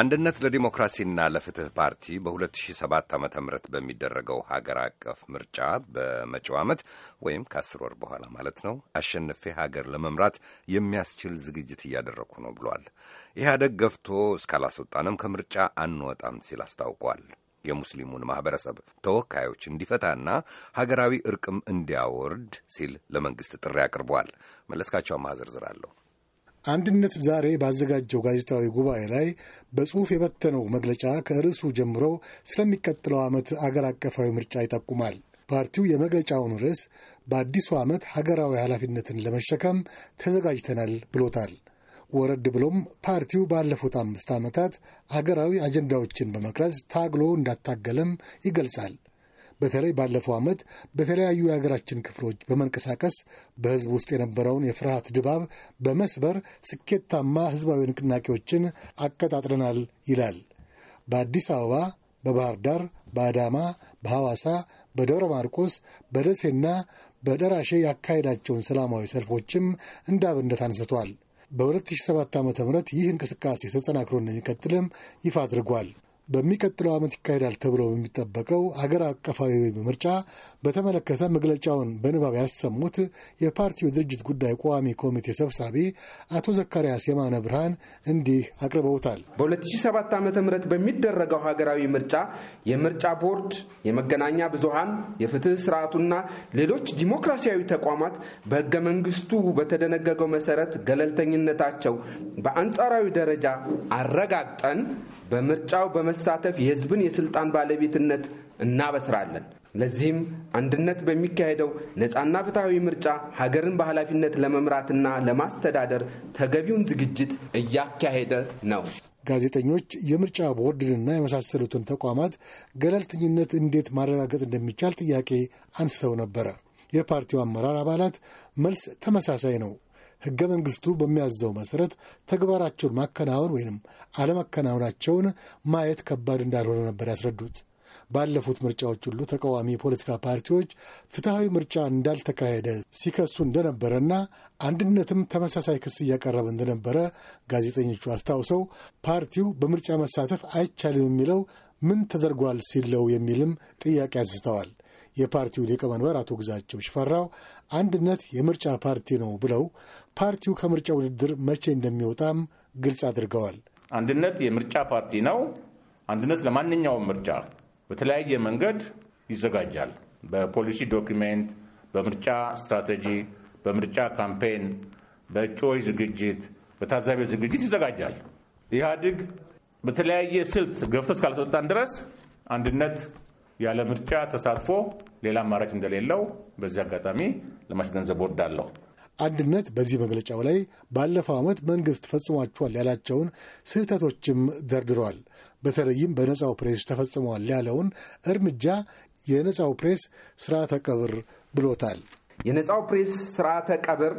አንድነት ለዲሞክራሲና ለፍትህ ፓርቲ በ2007 ዓ ም በሚደረገው ሀገር አቀፍ ምርጫ በመጪው ዓመት ወይም ከአስር ወር በኋላ ማለት ነው አሸንፌ ሀገር ለመምራት የሚያስችል ዝግጅት እያደረግኩ ነው ብሏል። ኢህአደግ ገፍቶ እስካላስወጣንም ከምርጫ አንወጣም ሲል አስታውቋል። የሙስሊሙን ማህበረሰብ ተወካዮች እንዲፈታና ሀገራዊ እርቅም እንዲያወርድ ሲል ለመንግስት ጥሪ አቅርቧል። መለስካቸው አማረ ዝርዝር አለው። አንድነት ዛሬ ባዘጋጀው ጋዜጣዊ ጉባኤ ላይ በጽሑፍ የበተነው መግለጫ ከርዕሱ ጀምሮ ስለሚቀጥለው ዓመት አገር አቀፋዊ ምርጫ ይጠቁማል። ፓርቲው የመግለጫውን ርዕስ በአዲሱ ዓመት ሀገራዊ ኃላፊነትን ለመሸከም ተዘጋጅተናል ብሎታል። ወረድ ብሎም ፓርቲው ባለፉት አምስት ዓመታት አገራዊ አጀንዳዎችን በመቅረጽ ታግሎ እንዳታገለም ይገልጻል። በተለይ ባለፈው ዓመት በተለያዩ የሀገራችን ክፍሎች በመንቀሳቀስ በሕዝብ ውስጥ የነበረውን የፍርሃት ድባብ በመስበር ስኬታማ ሕዝባዊ ንቅናቄዎችን አቀጣጥለናል ይላል። በአዲስ አበባ፣ በባህር ዳር፣ በአዳማ፣ በሐዋሳ፣ በደብረ ማርቆስ፣ በደሴና በደራሼ ያካሄዳቸውን ሰላማዊ ሰልፎችም እንዳብነት አንስቷል። በ2007 ዓ ም ይህ እንቅስቃሴ ተጠናክሮ እንደሚቀጥልም ይፋ አድርጓል። በሚቀጥለው ዓመት ይካሄዳል ተብሎ በሚጠበቀው አገር አቀፋዊ ምርጫ በተመለከተ መግለጫውን በንባብ ያሰሙት የፓርቲው ድርጅት ጉዳይ ቋሚ ኮሚቴ ሰብሳቢ አቶ ዘካርያስ የማነ ብርሃን እንዲህ አቅርበውታል። በ2007 ዓ ም በሚደረገው ሀገራዊ ምርጫ የምርጫ ቦርድ፣ የመገናኛ ብዙሃን፣ የፍትህ ስርዓቱና ሌሎች ዲሞክራሲያዊ ተቋማት በህገ መንግስቱ በተደነገገው መሰረት ገለልተኝነታቸው በአንጻራዊ ደረጃ አረጋግጠን በምርጫው በመ በመሳተፍ የህዝብን የስልጣን ባለቤትነት እናበስራለን። ለዚህም አንድነት በሚካሄደው ነፃና ፍትሐዊ ምርጫ ሀገርን በኃላፊነት ለመምራትና ለማስተዳደር ተገቢውን ዝግጅት እያካሄደ ነው። ጋዜጠኞች የምርጫ ቦርድንና የመሳሰሉትን ተቋማት ገለልተኝነት እንዴት ማረጋገጥ እንደሚቻል ጥያቄ አንስተው ነበረ። የፓርቲው አመራር አባላት መልስ ተመሳሳይ ነው። ህገ መንግስቱ በሚያዘው መሰረት ተግባራቸውን ማከናወን ወይንም አለማከናወናቸውን ማየት ከባድ እንዳልሆነ ነበር ያስረዱት። ባለፉት ምርጫዎች ሁሉ ተቃዋሚ የፖለቲካ ፓርቲዎች ፍትሐዊ ምርጫ እንዳልተካሄደ ሲከሱ እንደነበረና አንድነትም ተመሳሳይ ክስ እያቀረበ እንደነበረ ጋዜጠኞቹ አስታውሰው ፓርቲው በምርጫ መሳተፍ አይቻልም የሚለው ምን ተደርጓል ሲለው የሚልም ጥያቄ አንስተዋል። የፓርቲው ሊቀመንበር አቶ ግዛቸው ሽፈራው አንድነት የምርጫ ፓርቲ ነው ብለው ፓርቲው ከምርጫ ውድድር መቼ እንደሚወጣም ግልጽ አድርገዋል። አንድነት የምርጫ ፓርቲ ነው። አንድነት ለማንኛውም ምርጫ በተለያየ መንገድ ይዘጋጃል። በፖሊሲ ዶኪሜንት፣ በምርጫ ስትራቴጂ፣ በምርጫ ካምፔን፣ በእጩዎች ዝግጅት፣ በታዛቢ ዝግጅት ይዘጋጃል። ኢህአዲግ በተለያየ ስልት ገፍቶ እስካልተወጣን ድረስ አንድነት ያለ ምርጫ ተሳትፎ ሌላ አማራጭ እንደሌለው በዚህ አጋጣሚ ለማስገንዘብ ወዳለሁ። አንድነት በዚህ መግለጫው ላይ ባለፈው ዓመት መንግስት ፈጽሟቸዋል ያላቸውን ስህተቶችም ደርድረዋል። በተለይም በነጻው ፕሬስ ተፈጽመዋል ያለውን እርምጃ የነጻው ፕሬስ ስርዓተ ቀብር ብሎታል። የነፃው ፕሬስ ስርዓተ ቀብር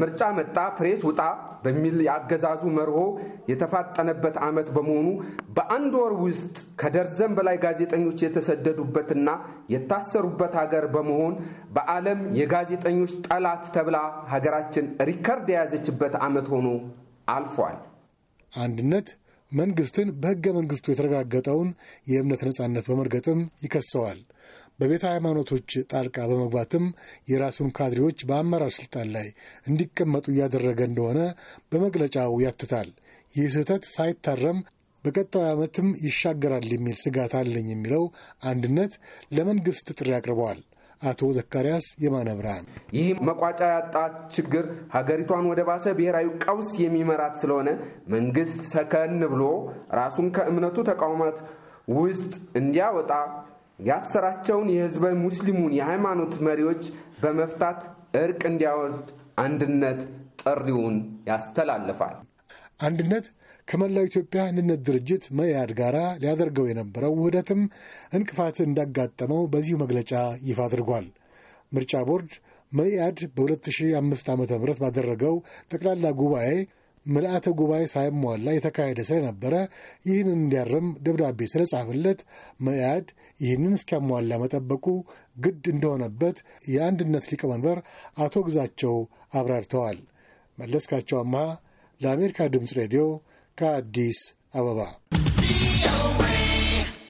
ምርጫ መጣ ፕሬስ ውጣ በሚል የአገዛዙ መርሆ የተፋጠነበት ዓመት በመሆኑ በአንድ ወር ውስጥ ከደርዘን በላይ ጋዜጠኞች የተሰደዱበትና የታሰሩበት ሀገር በመሆን በዓለም የጋዜጠኞች ጠላት ተብላ ሀገራችን ሪከርድ የያዘችበት ዓመት ሆኖ አልፏል። አንድነት መንግስትን በሕገ መንግስቱ የተረጋገጠውን የእምነት ነጻነት በመርገጥም ይከሰዋል። በቤተ ሃይማኖቶች ጣልቃ በመግባትም የራሱን ካድሬዎች በአመራር ስልጣን ላይ እንዲቀመጡ እያደረገ እንደሆነ በመግለጫው ያትታል። ይህ ስህተት ሳይታረም በቀጣዩ ዓመትም ይሻገራል የሚል ስጋት አለኝ የሚለው አንድነት ለመንግሥት ጥሪ አቅርበዋል። አቶ ዘካርያስ የማነ ብርሃን ይህ መቋጫ ያጣ ችግር ሀገሪቷን ወደ ባሰ ብሔራዊ ቀውስ የሚመራት ስለሆነ መንግስት ሰከን ብሎ ራሱን ከእምነቱ ተቋማት ውስጥ እንዲያወጣ ያሰራቸውን የህዝበ ሙስሊሙን የሃይማኖት መሪዎች በመፍታት እርቅ እንዲያወርድ አንድነት ጥሪውን ያስተላልፋል። አንድነት ከመላው ኢትዮጵያ አንድነት ድርጅት መኢአድ ጋር ሊያደርገው የነበረው ውህደትም እንቅፋት እንዳጋጠመው በዚሁ መግለጫ ይፋ አድርጓል። ምርጫ ቦርድ መኢአድ በ2005 ዓ ም ባደረገው ጠቅላላ ጉባኤ ምልአተ ጉባኤ ሳይሟላ የተካሄደ ስለነበረ ይህን እንዲያርም ደብዳቤ ስለጻፍለት መያድ ይህንን እስኪያሟላ መጠበቁ ግድ እንደሆነበት የአንድነት ሊቀመንበር አቶ ግዛቸው አብራርተዋል። መለስካቸው አማሃ ለአሜሪካ ድምፅ ሬዲዮ ከአዲስ አበባ